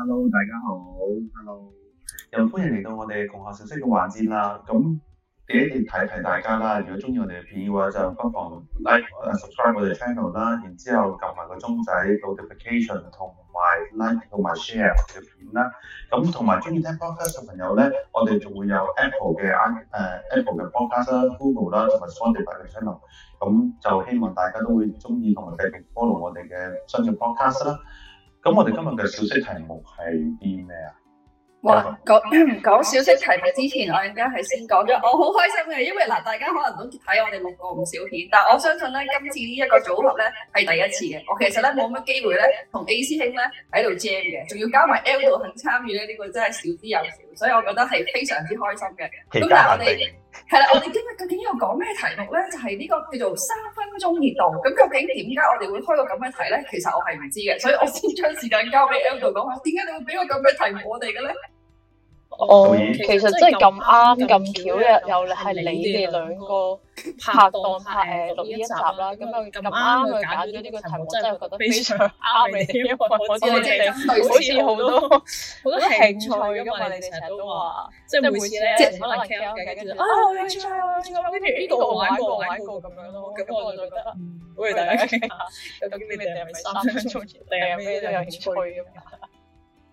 hello 大家好 hello 又歡迎嚟到我哋共學小息嘅環節啦咁記一定提提大家啦如果中意我哋嘅片嘅話就不妨 like、uh, subscribe 我哋 channel 啦然之後撳埋個鐘仔 notification 同埋 like 同埋 share 嘅片啦咁同埋中意聽 podcast 嘅朋友咧我哋仲會有 App、uh, apple 嘅誒 apple 嘅 podcast 啦 google 啦同埋 sony 嘅 channel 咁就希望大家都會中意同我哋 follow 我哋嘅新嘅 podcast 啦咁我哋今日嘅小息題目係啲咩啊？哇，講講小息題目之前，我應該係先講咗。我好開心嘅，因為嗱，大家可能都睇我哋錄過唔少片，但係我相信咧，今次呢一個組合咧係第一次嘅。我其實咧冇乜機會咧同 A 師兄咧喺度 Jam 嘅，仲要加埋 L 度肯參與咧，呢、這個真係少之又少，所以我覺得係非常之開心嘅。期間一定。係啦，我哋今日究竟要講咩題目咧？就係呢個叫做三分鐘熱度。咁究竟點解我哋會開個咁嘅題咧？其實我係唔知嘅，所以我先將時間交俾 Eldo 講下，點解你會俾個咁嘅題目我哋嘅咧？哦，其實真係咁啱咁巧嘅，又係你哋兩個拍檔拍誒錄呢一集啦。咁又咁啱又揀咗呢個題目，真係覺得非常啱嘅。我知你哋係好似好多好多興趣，因為你哋成日都話，即係每次咧即係可能傾傾傾，啊我興趣啊，呢個跟住呢個玩過玩過咁樣咯。咁我就覺得，好嘅大家傾下，究竟你哋係咪三分鐘定係咩都有興趣咁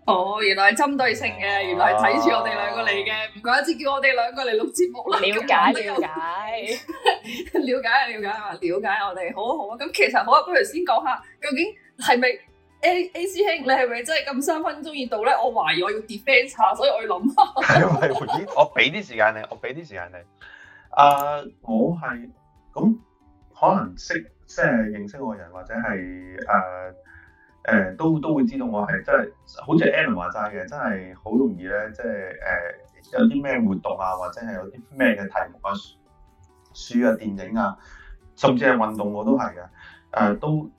哦，原來係針對性嘅，原來係睇住我哋兩個嚟嘅，唔、啊、怪之叫我哋兩個嚟錄節目啦。了解，樣了解， 了解、啊，了解啊！了解我哋，好啊，好啊。咁、啊、其實好啊，不如先講下究竟係咪 A, A A 師兄，你係咪真係咁三分鐘熱度咧？我懷疑我要 defend 下，所以我要諗下。係喂 我俾我俾啲時間你？我俾啲時間你。啊、uh,，我係咁可能識即係認識我嘅、就是、人，或者係誒。Uh, 誒、欸、都都會知道我係真係，好似 Alan 話齋嘅，真係好容易咧，即係誒有啲咩活動啊，或者係有啲咩嘅題目啊、書啊、電影啊，甚至係運動我都係嘅。誒、呃、都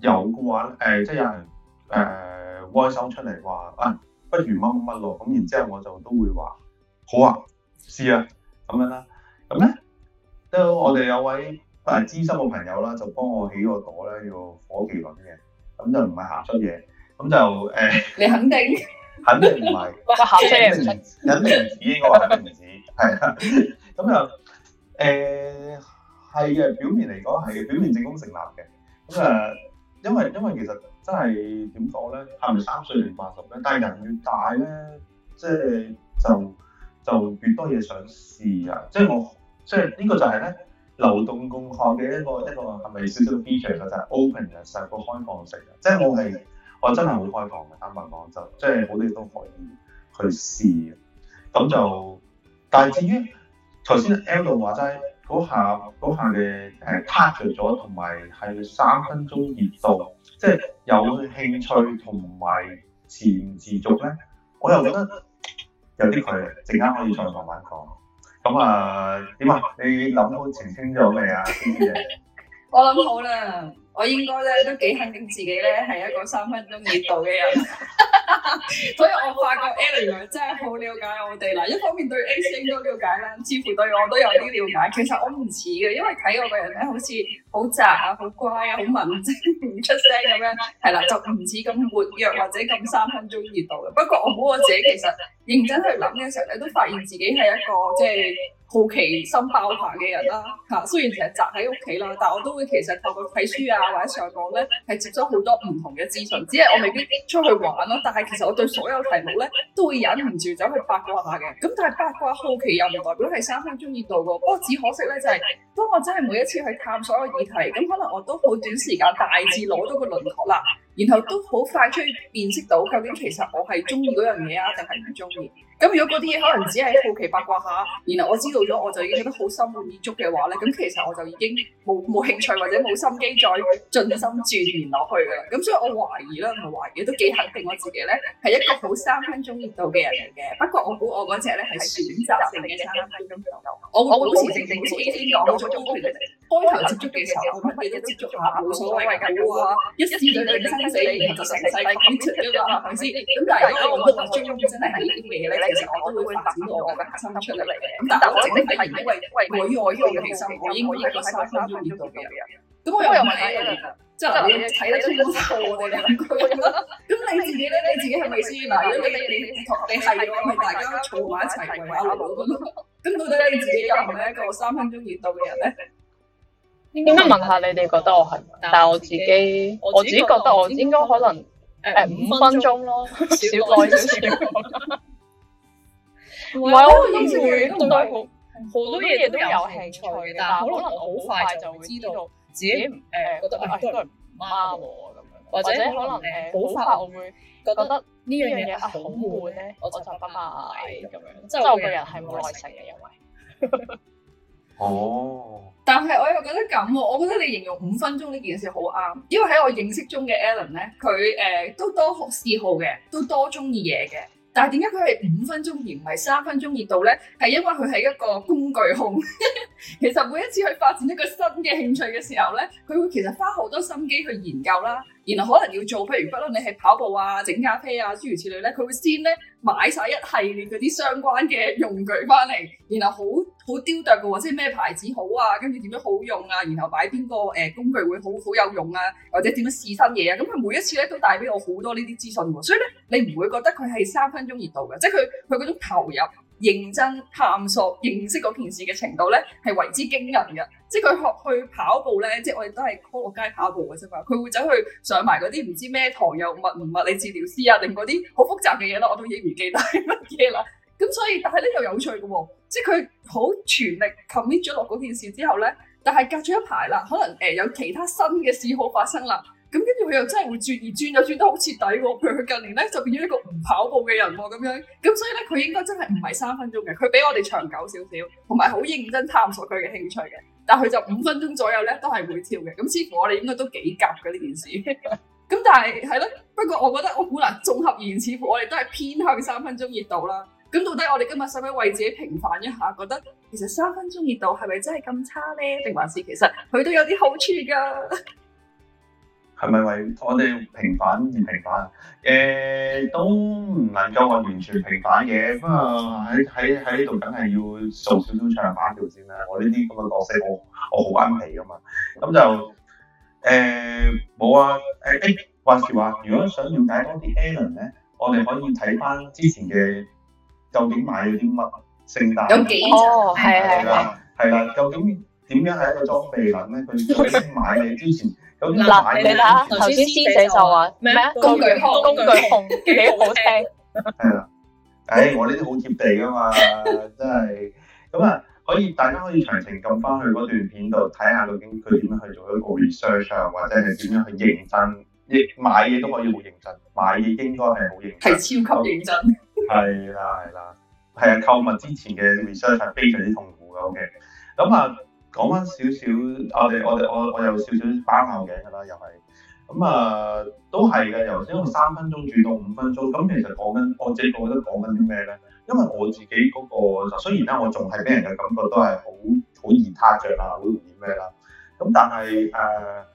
有嘅話，誒、呃、即係有人誒 research 出嚟話啊，不如乜乜乜咯，咁然後之後我就都會話好啊，試啊，咁樣啦、啊，咁咧、啊啊，都係我哋有位誒資深嘅朋友啦，就幫我起個朵咧，叫火麒麟嘅。咁就唔係行出嘢，咁就誒，欸、你肯定肯定唔係，哇， 下出唔出？肯定唔止，應該話係唔止，係啦。 咁就誒，係、呃、嘅。表面嚟講係表面證供成立嘅。咁啊，因為因為其實真係點講咧，係咪 三歲定八十咧？但係人越大咧，即係就就越多嘢想試啊！即係我，即係呢個就係咧。流動共學嘅一個一個係咪少少 feature 嘅就係，open 嘅，上個開放式嘅，即係我係我真係好開放嘅。坦白講就，即係好多嘢都可以去試嘅。咁就，但係至於頭先 Elle 話齋嗰下嗰下嘅誒 touch 咗、er，同埋係三分鐘熱度，即係有興趣同埋持唔持續咧，我又覺得有啲距離，陣間可以再慢慢講。咁啊，點啊、呃？你諗好澄清咗未啊？呢啲 我諗好啦。我應該咧都幾肯定自己咧係一個三分鐘熱度嘅人， 所以我發覺 Ellie 真係好了解我哋啦。一方面對 A n 都了解啦，似乎對我都有啲了解。其實我唔似嘅，因為睇我個人咧，好似好宅啊、好乖啊、好文靜、唔 出聲咁樣。係啦，就唔似咁活躍或者咁三分鐘熱度。不過我估我自己，其實認真去諗嘅時候咧，你都發現自己係一個即係。就是好奇心爆棚嘅人啦，嚇！雖然成日宅喺屋企啦，但我都會其實透過睇書啊或者上網咧，係接咗好多唔同嘅資訊。只係我未必出去玩咯，但係其實我對所有題目咧都會忍唔住走去八卦下嘅。咁但係八卦好奇又唔代表係三分中意度嘅。不過只可惜咧就係、是，當我真係每一次去探索一個議題，咁可能我都好短時間大致攞到個輪廓啦，然後都好快出去辨識到究竟其實我係中意嗰樣嘢啊定係唔中意。咁如果嗰啲嘢可能只係好奇八卦下，然後我知道咗我就已經覺得好心滿意足嘅話咧，咁其實我就已經冇冇興趣或者冇心機再盡心鑽研落去嘅啦。咁所以我懷疑啦，同係懷疑，都幾肯定我自己咧係一個好三分鐘熱度嘅人嚟嘅。不過我估我嗰隻咧係選擇性嘅三分鐘熱度。我好似持靜靜地講，我坐咗屋，開頭接觸嘅時候，我其實接觸下冇所謂嘅話，一試兩嘅生死然你就成世滾出咗啊！唔知咁但係如果我覺得中庸真係啲咩咧？其實我都會發展到我嘅核心出嚟嘅，咁但係我一定係因為我依我我嘅核心，我依我依個三三分鐘到嘅人。咁我又問下你啦，即係你睇得清楚我哋嘅兩個。咁你自己咧，你自己係咪先？你你你係講大家坐埋一齊，唔係交流咁到底你自己係咪一個三分鐘熱度嘅人咧？應該問下你哋覺得我係，但係我自己，我自己覺得我應該可能誒五分鐘咯，少過少過。唔係，我都唔對好好多嘢都有興趣，但可能好快就會知道自己誒覺得啊，呢個唔啱我咁樣，或者可能誒好快我會覺得呢樣嘢好悶咧，我就唔得買咁樣，即係我個人係冇耐性嘅因為。哦！但係我又覺得咁，我覺得你形容五分鐘呢件事好啱，因為喺我認識中嘅 Allen 咧，佢誒都多嗜好嘅，都多中意嘢嘅。但係點解佢係五分鐘而唔係三分鐘熱度呢？係因為佢係一個工具控。 其實每一次去發展一個新嘅興趣嘅時候咧，佢會其實花好多心機去研究啦，然後可能要做，譬如不論你係跑步啊、整咖啡啊，諸如此類咧，佢會先咧買晒一系列嗰啲相關嘅用具翻嚟，然後好好雕琢㗎，即係咩牌子好啊，跟住點樣好用啊，然後擺邊個誒、呃、工具會好好有用啊，或者點樣試新嘢啊，咁佢每一次咧都帶俾我好多呢啲資訊喎、啊，所以咧你唔會覺得佢係三分鐘熱度嘅，即係佢佢嗰種投入。認真探索認識嗰件事嘅程度咧，係為之驚人嘅。即係佢學去跑步咧，即係我哋都係 call 落街跑步嘅啫嘛。佢會走去上埋嗰啲唔知咩堂，又物物理治療師啊，定嗰啲好複雜嘅嘢啦，我都已經唔記得係乜嘢啦。咁所以但係咧又有趣嘅喎、啊，即係佢好全力 commit 咗落嗰件事之後咧，但係隔咗一排啦，可能誒、呃、有其他新嘅嗜好發生啦。咁跟住佢又真係會轉，轉而轉又轉得好徹底喎、哦。譬如佢近年咧就變咗一個唔跑步嘅人喎、哦，咁樣。咁所以咧，佢應該真係唔係三分鐘嘅，佢比我哋長久少少，同埋好認真探索佢嘅興趣嘅。但佢就五分鐘左右咧都係會跳嘅。咁似乎我哋應該都幾夾嘅呢件事。咁 但係係咯，不過我覺得我估難綜合而言，似乎我哋都係偏向三分鐘熱度啦。咁到底我哋今日使唔使為自己平反一下？覺得其實三分鐘熱度係咪真係咁差咧？定還是其實佢都有啲好處㗎？係咪為我哋平反而平反？誒、欸，都唔能夠話完全平反嘅。不過喺喺喺呢度，梗係要做少少長板條先啦。我呢啲咁嘅角色，我我好啱戲㗎嘛。咁就誒冇、欸、啊。誒、欸、話時話，如果想了解多啲 Alan 咧，我哋可以睇翻之前嘅究竟買咗啲乜聖誕有幾 哦，係啊，係啦，係啦的的。究竟點樣係一個裝備品咧？佢究竟買嘢之前。 咁嗱，你睇下頭先師姐就話咩啊？工具控，工具控幾好聽。係啦， 誒、哎，我呢啲好貼地噶嘛，真係咁啊，可以大家可以長情撳翻去嗰段片度睇下究竟佢點樣去做一個 research，或者係點樣去認真，亦買嘢都可以好認真，買嘢應該係好認真。係超級認真。係啦， 係啦，係啊，購物之前嘅 research 係非常之痛苦嘅。OK，咁啊。講翻少少，我哋我哋我我有少少包拗頸㗎啦，又係咁啊，都係嘅，由因為三分鐘轉到五分鐘，咁其實講緊我自己覺得講緊啲咩咧？因為我自己嗰、那個雖然咧，我仲係俾人嘅感覺都係好好嫌他著啊，好容易咩啦。咁但係誒、呃，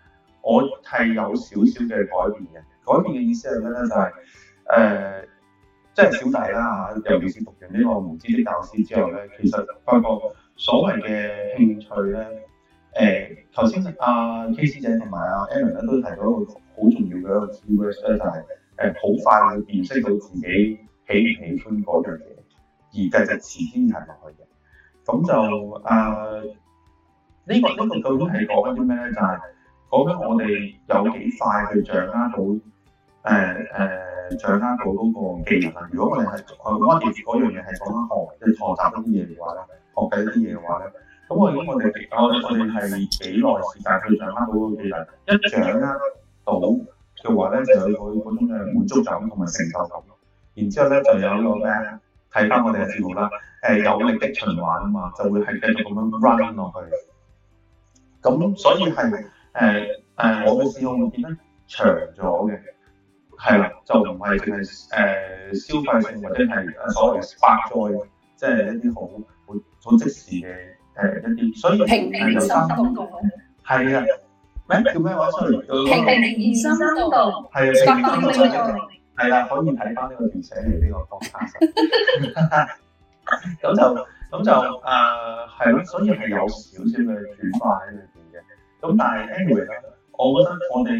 我係有少少嘅改變嘅，改變嘅意思係咩咧？就係、是、誒，即、呃、係小弟啦嚇，尤其是讀完呢個無知嘅教師之後咧，嗯、其實發覺。所謂嘅興趣咧，誒頭先阿 KC 姐同埋阿 Aaron 咧都提到一個好重要嘅一個 focus 咧，verse，就係誒好快去辨識到自己喜唔喜歡嗰樣嘢，而就、呃嗯、就遲先入落去嘅。咁就誒呢個呢個究竟係講緊啲咩咧？就係講緊我哋有幾快去掌握到誒誒。呃呃掌握到、那、嗰個技能啦。如果我哋係誒安樣嘢係講翻學，即、就、係、是、學習嗰啲嘢嘅話咧，學緊嗰啲嘢嘅話咧，咁我諗我哋我哋係幾耐時間去掌握到個技能？一掌握到嘅話咧，就有佢嗰種嘅滿足感同埋成就感。然之後咧，就有個咩睇翻我哋嘅市況啦。誒，有力的循環啊嘛，就會係繼續咁樣 run 落去。咁所以係誒誒，我嘅市況會變得長咗嘅。係啦，就唔係淨係誒消費性或者係所謂嘅百，即係一啲好好好即時嘅誒一啲，所以平平深度係啊，咩叫咩話？雖然平平深度係正面啦，可以睇翻呢個定寫住呢個當咁就咁就誒係咯，所以係有少少嘅變化呢樣嘢，咁但係 anyway。我覺得我哋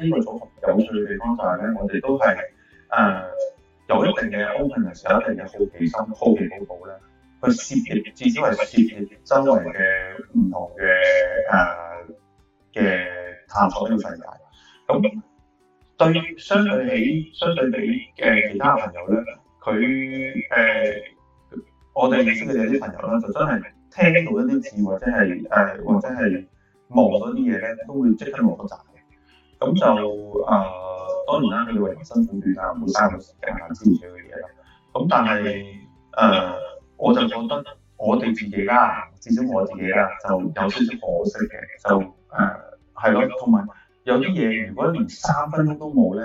呢個組合有趣嘅地方就係咧，我哋都係誒有一定嘅 openness，有一定嘅好奇心，好奇寶寶咧，去涉獵至少係涉獵周圍嘅唔同嘅誒嘅探索呢個世界。咁對相對起相對比嘅其他朋友咧，佢誒、呃、我哋認識嘅有啲朋友咧，就真係聽到一啲字或者係誒、呃、或者係。望嗰啲嘢咧，都會即刻望得曬嘅。咁就誒、呃，當然啦，你話人生苦短啊，冇嘥個時間去追取嘅嘢啦。咁但係誒、呃，我就覺得我哋自己啦，至少我自己啦，就有少少可惜嘅，就誒係咯。同、呃、埋有啲嘢，如果連三分鐘都冇咧，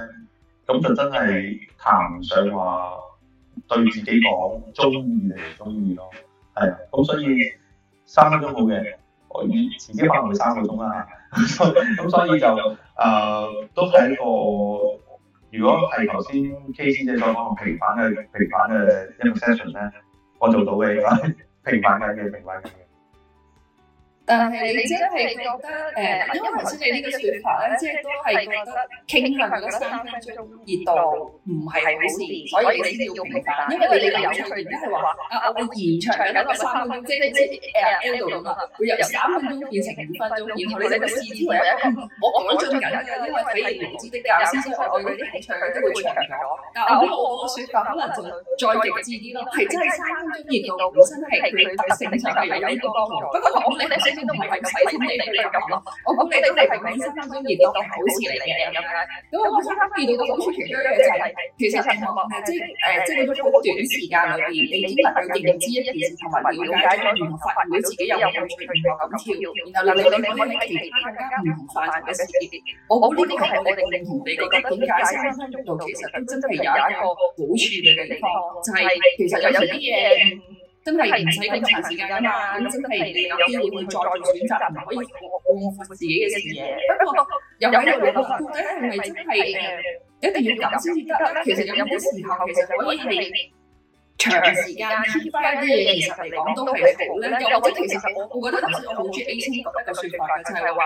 咁就真係談唔上話對自己講中意定唔中意咯。係啊，咁所以三分鐘好嘅。我以自己跑會三個鐘啦，咁 所以就誒、呃、都係一、這個。如果係頭先 K 先生講嘅平板嘅平板嘅 session 咧，我做到嘅，平板嘅嘅平板。嘅。但係你真係覺得誒，因為頭先你呢個說法咧，即係都係覺得傾向咗三分鐘熱度唔係好事，所以你要明白。因為你哋有趣場即係話啊，我延長咗三分鐘，即係誒 L 度咁啦，會由三分鐘變成五分鐘，然後你就試點我我講咗緊，因為非常知的啱先，因為我現場都會長咗。但我我個說法可能仲再極致啲咯，係真係三分鐘熱度本身係佢特性上係有呢多，不過我你即都唔係咁好你嚟嘅咁咯，我覺得你哋喺三分鐘熱度遇到嘅好事嚟嘅咁樣，咁我生活當中遇到嘅好事，其實就係其實係即係誒，即係好短嘅時間內面，你只能夠認知一件事，同埋了解佢，同埋發現自己有興趣而咁跳，然後令你可以喺其他唔同範圍嘅事，我我呢啲係我哋認同你嘅，覺得點解喺三分鐘熱度其實真係有一個好處嘅，就係其實有有啲嘢。真係唔使咁長時間啊嘛，咁真係你有機會會再做選擇，唔可以過過自己嘅事業。不過有有一個顧忌係，真係誒一定要咁先至得。其實有啲時候其實可以係長時間 keep 住啲嘢，其實嚟講都係好咧。又或者其實我覺得頭先我好中意 A 星講嘅説話嘅，就係話。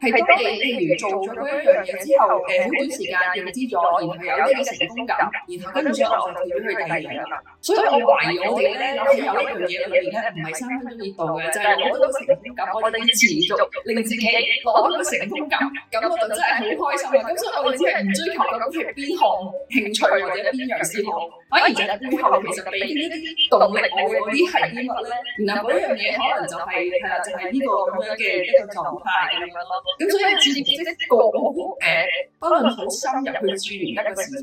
係當你譬如做咗一樣嘢之後，誒好短時間認知咗，然後有啲嘅成功感，然後跟住之後就去第二樣。所以我懷疑我哋咧，喺有一樣嘢裏面咧，唔係三分鐘熱度嘅，就係攞到成功感，我哋持續令自己攞到成功感，咁我就真係好開心。咁所以我只係唔追求究竟係邊項興趣或者邊樣先好。反而且背後其實你呢啲動力嗰啲係啲乜咧？然後嗰樣嘢可能就係係啦，就係呢個咁樣嘅一個狀態。咁、嗯、所以自、這個，自己即係個好誒，可能好深入去專研一個事情，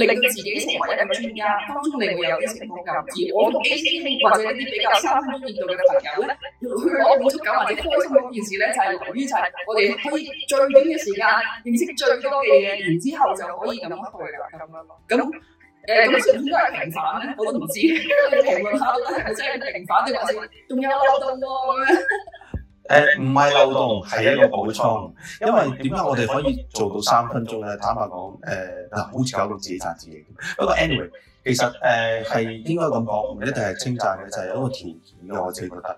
令到自己成為一個專家。當中你會有啲情況咁，而我啲或者一啲比較三分鐘熱度嘅朋友咧，可以滿足感或者開心嗰件事咧，就係由於就係我哋可以最短嘅時間認識最多嘅嘢，然之後就可以咁樣去啦。咁樣咁誒，咁算唔算都係平反咧？我都唔知。平反啦，係平反，定還是仲有漏洞喎？咁樣。誒唔係漏洞，係一個補充。因為點解我哋可以做到三分鐘咧？坦白講，誒、呃、嗱，好似搞到自己讚自己。不過，anyway，其實誒係、呃、應該咁講，唔一定係稱讚嘅，就係一個條件嘅。我自己覺得，誒、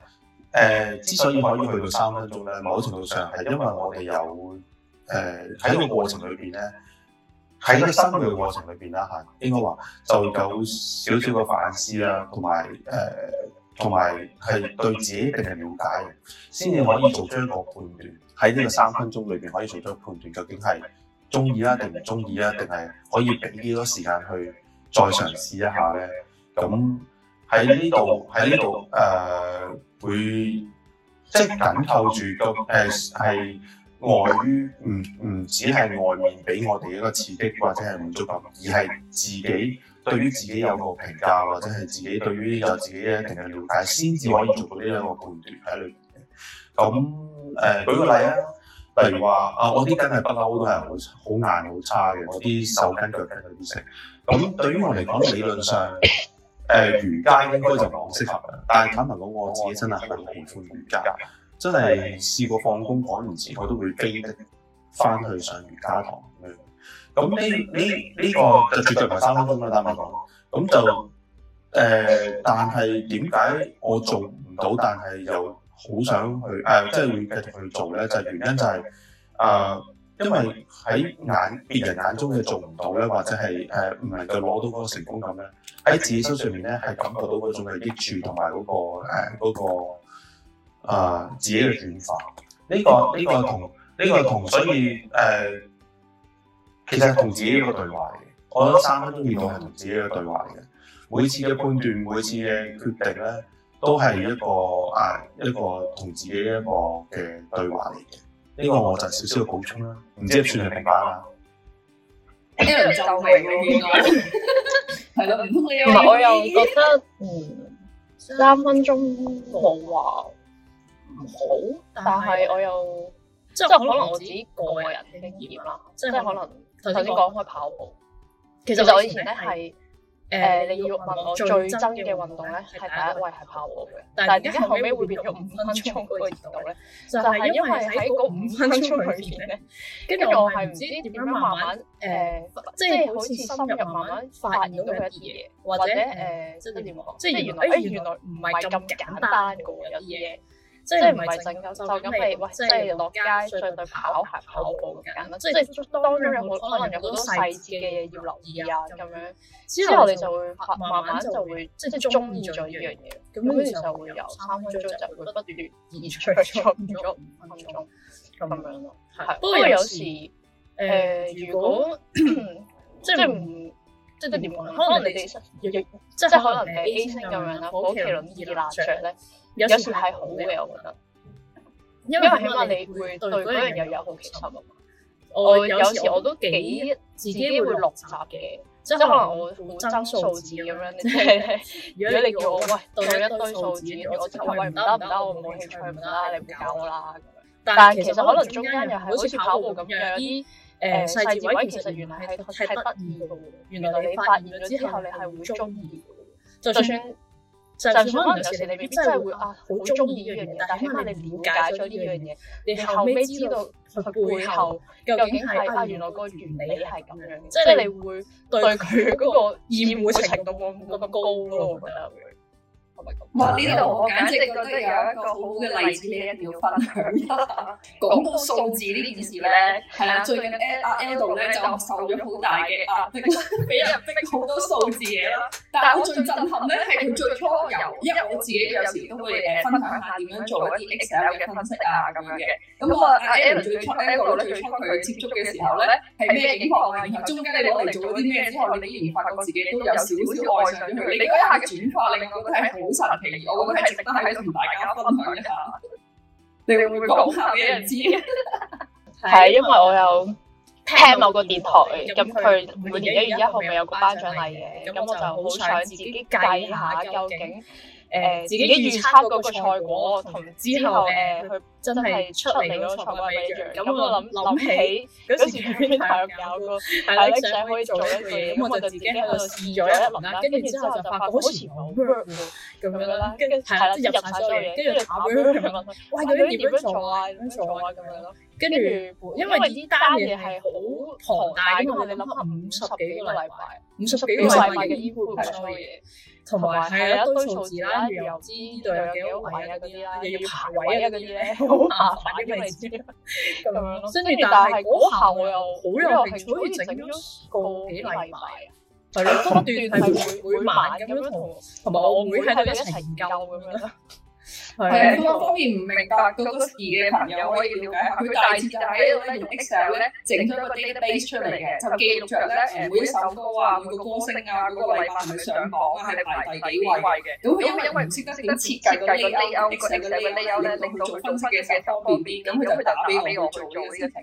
呃、之所以可以去到三分鐘咧，某程度上係因為我哋有誒喺、呃、個過程裏邊咧，喺個三秒過程裏邊啦嚇，應該話就有少少嘅反思啦，同埋誒。呃同埋係對自己一定係瞭解嘅，先至可以做出一個判斷。喺呢個三分鐘裏邊，可以做出個判斷，究竟係中意啦，定唔中意啦，定係可以俾幾多時間去再嘗試一下咧？咁喺呢度喺呢度誒，會即係緊扣住個誒係、呃、外於唔唔只係外面俾我哋一個刺激，或者係滿足感，而係自己。對於自己有個評價，或者係自己對於有自己一定嘅了解，先至可以做到呢兩個判斷喺裏面嘅。咁、嗯、誒、呃、舉個例啊，例如話啊，我啲筋係不嬲都係好好硬好差嘅，我啲手筋腳筋嗰啲成。咁對於我嚟講，理論上誒瑜伽應該就唔適合嘅。但係坦白講，我自己真係好喜歡瑜伽，真係試過放工趕唔住，我都會飛翻去上瑜伽堂。咁呢呢呢個就絕對唔係三分鐘啦，坦白講。咁就誒、呃，但係點解我做唔到，但係又好想去誒，即係、啊、會繼續去做咧？就係原因就係、是、誒、嗯呃，因為喺眼別人眼中嘅做唔到咧，或者係誒唔能夠攞到嗰個成功感咧，喺自己身上面咧係感覺到嗰種嘅益處同埋嗰個誒嗰、呃、自己嘅轉化。呢、這個呢、這個同呢、這個同、這個這個這個這個，所以誒。呃其實同自己一個對話嚟嘅，我覺得三分鐘熱度係同自己一個對話嚟嘅，每次嘅判斷、每次嘅決定咧，都係一個誒、哎、一個同自己一個嘅對話嚟嘅。呢、這個我就少少嘅補充啦，唔知算唔算明白啦。呢為就係，係咯 唔係我又覺得，嗯，三分鐘冇話唔好，但係我又即係可能我自己個人嘅經驗啦，即係可能。首先講開跑步，其實我以前咧係誒，你是、呃、要問我最憎嘅運動咧，係第一位係跑步嘅。但係點解後尾會變咗五分鐘嗰度咧？就係因為喺嗰五分鐘裏面咧，跟住我係唔知點樣慢慢誒，呃、即係是好似深入慢慢發現一啲嘢，或者誒，呃、即點是講？即係原來原來唔係咁簡單嘅喎，有啲嘢。即係唔係淨夠就咁係，喂，即係落街上去跑鞋跑步咁簡單。即係當中有冇可能有好多細節嘅嘢要留意啊，咁樣。之後你就會慢慢就會即係即鍾意咗呢樣嘢。咁於是就會有三分鐘就會不斷延長咗五分鐘咁樣咯。不過有時誒，如果即係唔即係點講咧？可能你哋即係可能係 A 星咁樣啦，好奇麟二辣著咧。有時係好嘅，我覺得，因為起碼你會對嗰樣又有好奇心啊。我有時我都幾自己會落閘嘅，即係可能我憎數字咁樣。 如果你叫我喂，對一堆數字，我直頭喂，唔得，唔得，我唔會唱啦，你唔搞我啦。但係其實可能中間又係好似跑步咁樣啲，誒細節位，其實原來係係得意。原來你發現咗之後，你係會中意嘅，就算。就算可能有時你未必真係會啊，好中意呢樣嘢，但起碼你了解咗呢樣嘢，你後尾知道佢背後究竟係啊，原來個原理係咁樣嘅，即係、就是、你會對佢嗰個厭惡程度會冇咁高咯，我覺得會。哇！呢度、啊、我簡直覺得有一個好好嘅例子，你一定要分享啦。 講到數字呢件事咧，係啦、啊，最近 Ado 咧就受咗好大嘅壓、啊、迫，俾人逼好多數字嘢啦。 但係我最震撼咧係佢最初由，因為我自己有時都會誒分享下點樣做一啲 Excel 嘅分析啊咁樣嘅。咁我 Ado 最初呢個最初佢接觸嘅時候咧係咩情況、啊？然後中間你攞嚟做咗啲咩之後，你仍然發覺自己都有少少愛上咗佢。你嗰一下轉化令我覺得係好～我覺得係值得喺度同大家分享一下。 你會唔會講下俾人知？係因為我有聽某個電台，咁佢他每年一月一號咪有個頒獎禮嘅，咁我就好想自己計下究竟。誒自己預測嗰個菜果同之後誒，佢真係出嚟嗰個菜果係咩樣？咁我諗諗起嗰時，佢係搞個係啦，想可以做呢樣嘢，咁我就自己喺度試咗一輪啦。跟住之後就發覺好似冇 work 喎，咁樣啦。跟住係啦，入曬咗嘢，跟住攪佢去問，哇！咁點樣做啊？點樣做啊？咁樣咯。跟住，因為呢單嘢係好龐大，咁你諗下五十幾個禮拜，五十幾個禮拜嘅醫護嗰嘢。同埋係一堆數字啦，又要知對有幾多位啊嗰啲啦，又要排位啊嗰啲咧，好麻煩嘅嘢先咁樣咯。跟住、嗯、但係嗰下我又好有興趣，整咗個幾禮拜啊，係啦，不斷係會慢咁樣同同埋我會喺度一齊研究咁樣 係啊，方面唔明白嗰多事嘅朋友可以瞭解。佢大致就喺度咧用 Excel 咧整咗嗰啲 base 出嚟嘅，就記錄着咧誒每首歌啊，每個歌星啊，嗰個禮拜係咪上榜啊，係排第幾位嘅。咁因為因為唔識得點設計嗰啲你有 Excel 嘅資料咧，令到佢做分析嘅時候方便咁，佢就打俾我做呢啲事情。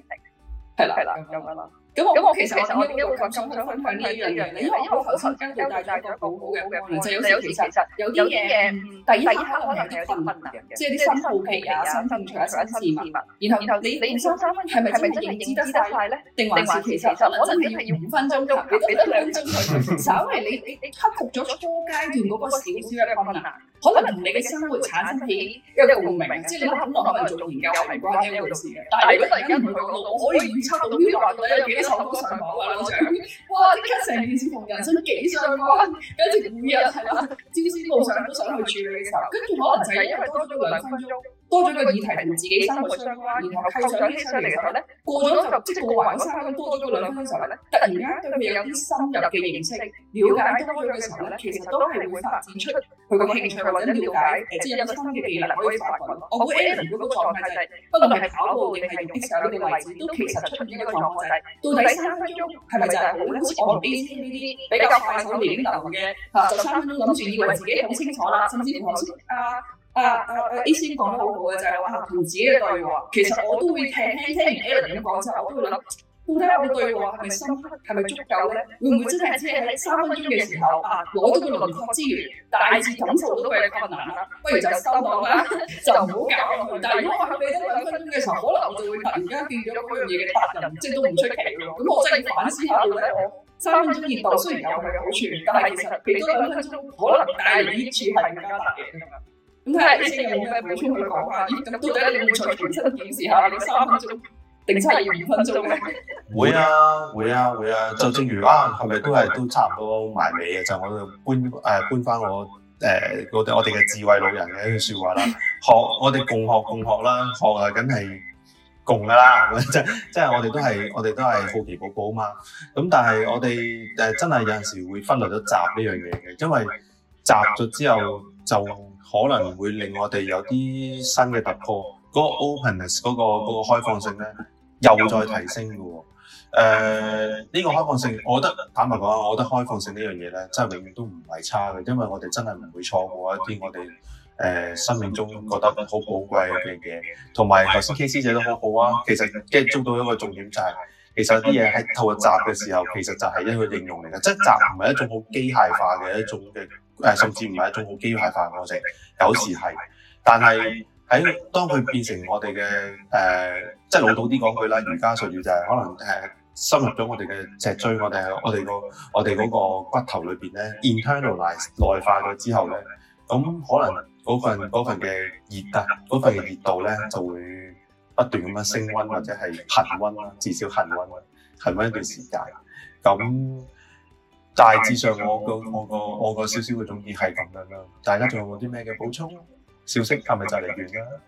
係啦係啦咁樣啦。咁我其實我我我我咁想分享呢一樣，因為因為我頭先跟大家覺得好好嘅，其實有啲其實有啲嘢，第一刻可能有啲困難啊，即係啲新好奇啊，新唔同啊啲事物然後你你三三分係咪真係認知得快咧？定係話其實我真係要五分鐘，你得兩分鐘，稍微你你克服咗初階段嗰個少少嘅困難啊。可能同你嘅生活產生起有共鳴，即係你好多人都做研究相關呢種事嘅。但係如果第一刻佢講到可以預測到呢個嘅，有幾多？我都上網揾獎，哇！即刻成件事同人生幾相關。有隻、嗯、每日係啦，招鮮度上都想去處理嘅時候，跟住可能就係一日多咗兩分鐘。多咗個議題同自己生活相關，然後構想啲嘢嘅時候咧，過咗了了就即係過完三分鐘多咗嗰兩分鐘嘅時候咧，突然間對佢有啲深入嘅認識、了解多咗嘅時候咧，其實都係會發展出佢個興趣或者了解，即係有新嘅技能可以發掘。我覺得 Aaron 嗰個狀態、就係，不論係跑步定係用上呢啲位置，都其實出現一個狀態。到底三分鐘係咪就係好似我啲呢啲比較快手練流嘅就三分鐘諗住以為自己好清楚啦，甚至乎頭先啊～啊啊啊！A 先講得好好嘅就係話同自己嘅對話，其實我都會聽聽完 Alan 講之後，我都會諗，到底我嘅對話係咪深刻，係咪足夠咧？會唔會真係只係喺三分鐘嘅時候啊，攞到個輪廓之餘，大致感受到到佢嘅困難啦，不如就收檔啦，就唔好搞啦。但係如果我係俾一兩分鐘嘅時候，可能我就會突然間見咗嗰樣嘢嘅達人，即係都唔出奇，咁我真係要反思下，度咧，我三分鐘熱度雖然有佢嘅好處，但係其實俾多兩分鐘，可能帶嚟呢處係更加大嘅。咁係先用嘅，冇出去講翻啲。咁都一定會隨便出一件你三分鐘，定真係要五分鐘咧？會啊，會啊，會啊！ 就正如啊，係咪 都係都差唔多埋尾嘅？就我哋搬誒、呃、搬翻我誒、呃、我哋我哋嘅智慧老人嘅一句説話啦。 學我哋共學共學啦，學啊，梗係共㗎啦，即即係我哋都係我哋都係好奇寶寶啊嘛。咁但係我哋誒真係有陣時會忽略咗集呢樣嘢嘅，因為集咗之後就。可能會令我哋有啲新嘅突破，嗰個 openness 嗰個嗰個開放性咧又再提升嘅喎。誒，呢個開放性，我覺得坦白講，我覺得開放性呢樣嘢咧，真係永遠都唔係差嘅，因為我哋真係唔會錯過一啲我哋誒生命中覺得好寶貴嘅嘢。同埋頭先 KC 姐都好好啊，其實即係捉到一個重點就係、是，其實有啲嘢喺透過集嘅時候，其實就係一個應用嚟嘅，即係集唔係一種好機械化嘅一種嘅。誒，甚至唔係一種好機械化我哋，有時係，但係喺當佢變成我哋嘅誒，即係老土啲講句啦，而家隨住就係可能誒、呃、深入咗我哋嘅脊椎，我哋我哋個我哋嗰個骨頭裏邊咧 internalise 內化咗之後咧，咁可能嗰份份嘅熱得嗰份嘅熱度咧就會不斷咁樣升溫或者係恆溫啦，至少恆溫恆溫一段時間，咁。大致上我個我，我，我個我個少少嘅總結係咁樣啦，大家仲有冇啲咩嘅補充消息是是？係咪就嚟完啦？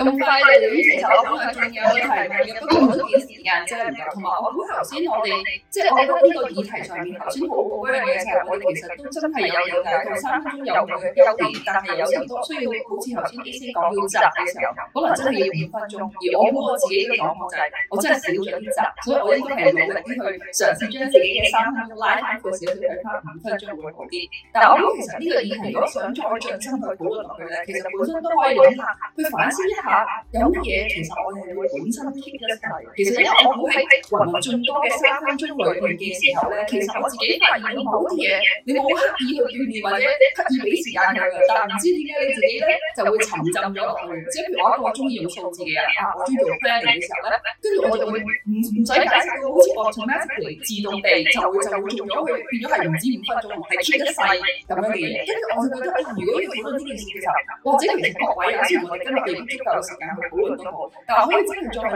咁快，你其實我覺得仲有嘅係，不過我都幾時間啫，同、嗯、埋我估得頭先我哋即係我覺得呢個議題上面，頭先好好嘅嘢就係我哋其實都真係有了有三分鐘有嘅？兩兩，但係有時都需要好似頭先啲師講要集嘅時候，可能真係要五分鐘。而我估我自己嘅講法就係，我真係少咗啲集，所以我應該係努力去嘗試將自己嘅三分鐘拉翻佢少少，佢翻五分鐘會好啲。但嗱，我估其實呢個議題如果想再進一步去補落去咧，其實本身都可以講下佢反思一下。有乜嘢？其實我哋會本身傾咗一齊。其實因為我冇喺雲雲眾多嘅三分鐘裏面嘅時候咧，其實我自己發現到好啲嘢，你冇刻意去鍛鍊或者刻意俾時間佢，但係唔知點解你自己咧就會沉浸咗落去，即譬如我一個中意用數字嘅人啊，我中意用 plan 嘅時候咧，跟住我就會唔唔使解釋到，好似我從一開始自動地就就做咗佢，變咗係唔止五分鐘係 keep 得晒。咁樣嘅嘢。跟住我覺得，如果你討到呢件事嘅時候，或者其實各位有啲我真係並唔足夠。時間去討論都好，但我可以只係再諗就係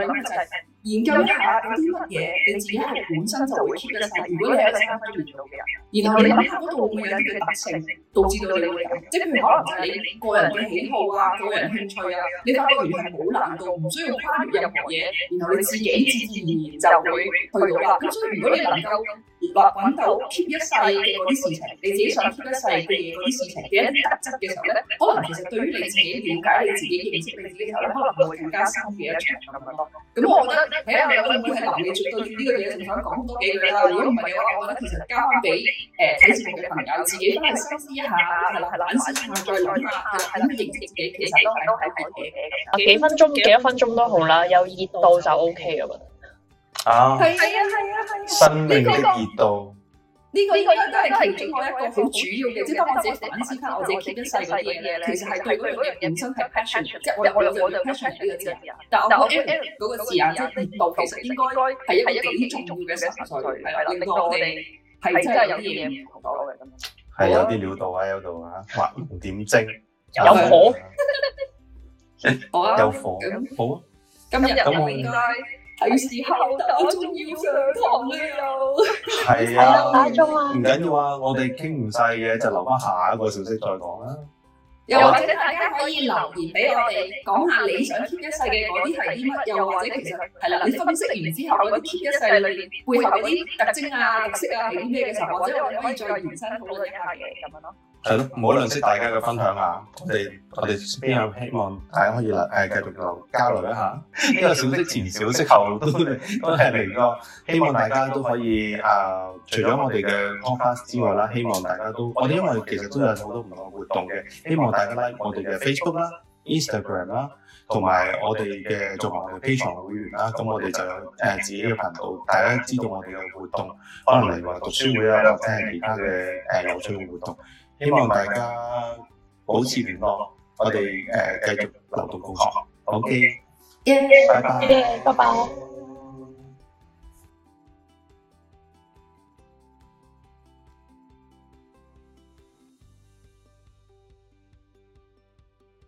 研究一下啲乜嘢，你自己係本身就會 keep 得曬。如果你係一個三分鐘做嘅人，然後你諗下嗰度會有啲咩特性，導致到你會即譬如可能就係你個人嘅喜好啊，個人興趣啊，你發覺原來係冇難度，唔需要跨越任何嘢，然後你自己自然而然就會去到啦。咁所以如果你能夠嗱，揾到 keep 一世嘅嗰啲事情，你自己想 keep 一世嘅嘢，嗰啲事情嘅一啲特質嘅時候咧，可能其實對於你自己了解你自己，認識你自己嘅時候可能會更加深嘅一層咁多。咁我覺得，睇下你會唔會喺留意住對住呢個嘢，仲想講多幾句啊？如果唔係嘅話，我覺得其實交翻俾誒睇住嘅朋友，自己都係深思一下，係啦係啦，思下再諗下，係啦，認識自己其實都係係幾幾幾分鐘幾多分鐘都好啦，有熱度就 OK 嘅。我覺得係啊係啊係啊！生命嘅熱度，呢個呢個都係其中一個好主要嘅。只不過我自己反思翻，我自己潛意識啲嘢其實係對嗰樣嘢本身係 passion 即係我我又 pressure 呢樣嘢。但係我覺得嗰個字眼即係度，其實應該係一個好重要嘅元素嚟。係啦，令到我真係有啲嘢唔同有啲料度啊，有度啊，畫龍點睛。有火，有火好啊！今日入面咧。係時候打鐘要上堂啦又，係啊，唔緊要啊，我哋傾唔晒嘅就留翻下一個小息再講啦。又或者大家可以留言俾我哋，講下你想 keep 一世嘅嗰啲係啲乜？又或者其實係啦，你分析完之後嗰啲 keep 一世裏邊背後嗰啲特徵啊、特色啊係啲咩嘅時候？或者我哋可以再延伸討論一下嘢，咁樣咯。係咯，冇得吝惜大家嘅分享啊！我哋我哋們邊有希望大家可以嚟誒、嗯、繼續交流一下呢個小息前，前小息後都都係嚟個，希望大家都可以誒除咗我哋嘅 conference 之外啦，希望大家都我哋因為其實都有好多唔同嘅活動嘅，希望大家拉、like、我哋嘅 Facebook 啦、Instagram 啦，同埋我哋嘅做埋 Patreon 會員啦。咁、嗯嗯、我哋就有誒自己嘅頻道，大家知道我哋嘅活動，可能例如話讀書會啊，或者係其他嘅誒有趣嘅活動。希望大家保持聯絡，我哋誒繼續流動共學。好嘅，拜拜。